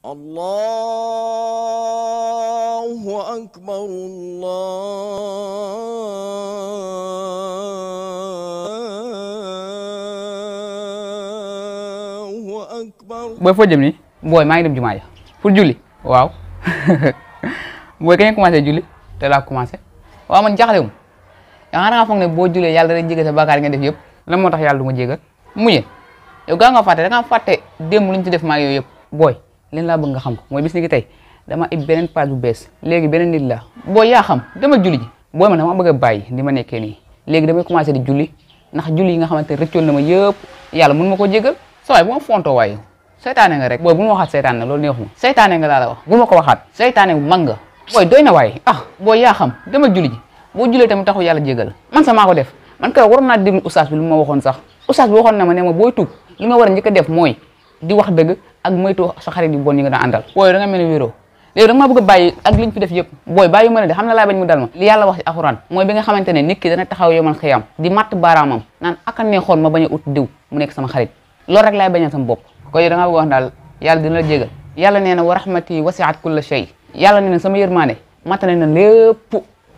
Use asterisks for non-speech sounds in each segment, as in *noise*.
الله أكبر الله أكبر booy foo jëm ni booy maa ngi dem jumaa ja pour julli waaw *laughs* booy kañ commencé julli te laa commencé waaw man jaxlewum yow xanaa nga foog ne boo jullee yàlla rek jéggal sa bàkkaar yi nga def yëpp lan moo tax yàlla du ma jéggal mu yow gaa nga fàtte da nga fàtte démb lu ñu ci def maa ngi yëpp booy leen laa bëgg nga xam ko mooy bis ni ki tey dama ib beneen page bu bees léegi beneen nit la boo yaa xam dama julli ji boo man dama bëgg a bàyyi ni ma nekkee nii léegi damay commencé di julli ndax julli yi nga xamante ne rëccoon na ma yëpp yàlla mun ma ko jégal sa waay bu ma fontoo waaye seytaane nga rek booy bu ma waxaat seytaane na loolu neexuma seytaane nga laa la wax bu ma ko waxaat seytaane bu mag nga booy doy na waaye ah booy yaa xam dama julli ji boo jullee tamit taxu yàlla jégal man sa maa ko def man kay waroon naa déglu oustaz bi lu ma waxoon sax oustaz bi na ma ne ma booy tuub ma war a njëkk def mooy di wax dëgg ak moytu sa xarit yu bon yi nga daan booy da nga mel ne wéeroo ma da nga maa bëgg a bàyyi ak liñ fi def yëpp booy bàyyi mën a de xam na laa bañ mu dal ma li yàlla wax ci alxuraan mooy bi nga xamante ne nit ki dana taxaw yomal xiyam di matt baaraamam naan aka neexoon ma bañ a ut diw mu nekk sama xarit loolu rek laay bañal sama bopp koy da nga bëgg wax daal yàlla dina la jégal yàlla nee na wa rahmati wasiat kulla shay yàlla nee na sama yërmaane matt na lépp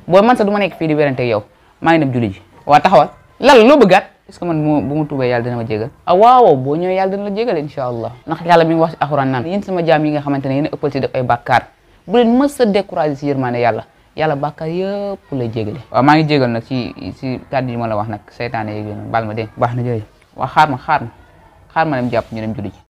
booy man sa du ma nekk fii di werante yow maa ngi dem est-ce que man bu ma tuubee yàlla dina ma jégal ah waaw boo ñëwee yàlla dina la jégal incha allah ndax yàlla mi ngi wax si alxuraan naan yéen sama jaam yi nga xamante ne yéen a ëppal si def ay bàkkaar bu leen mës a découragé si yërmande yàlla yàlla bàkkaar yëpp la jégale waaw maa ngi jégal nag si si kàddu yi ma la wax nag seytaane yeeg yéen baal ma dégg baax na jooy waa xaar ma xaar ma xaar ma dem jàpp ñu dem julli ji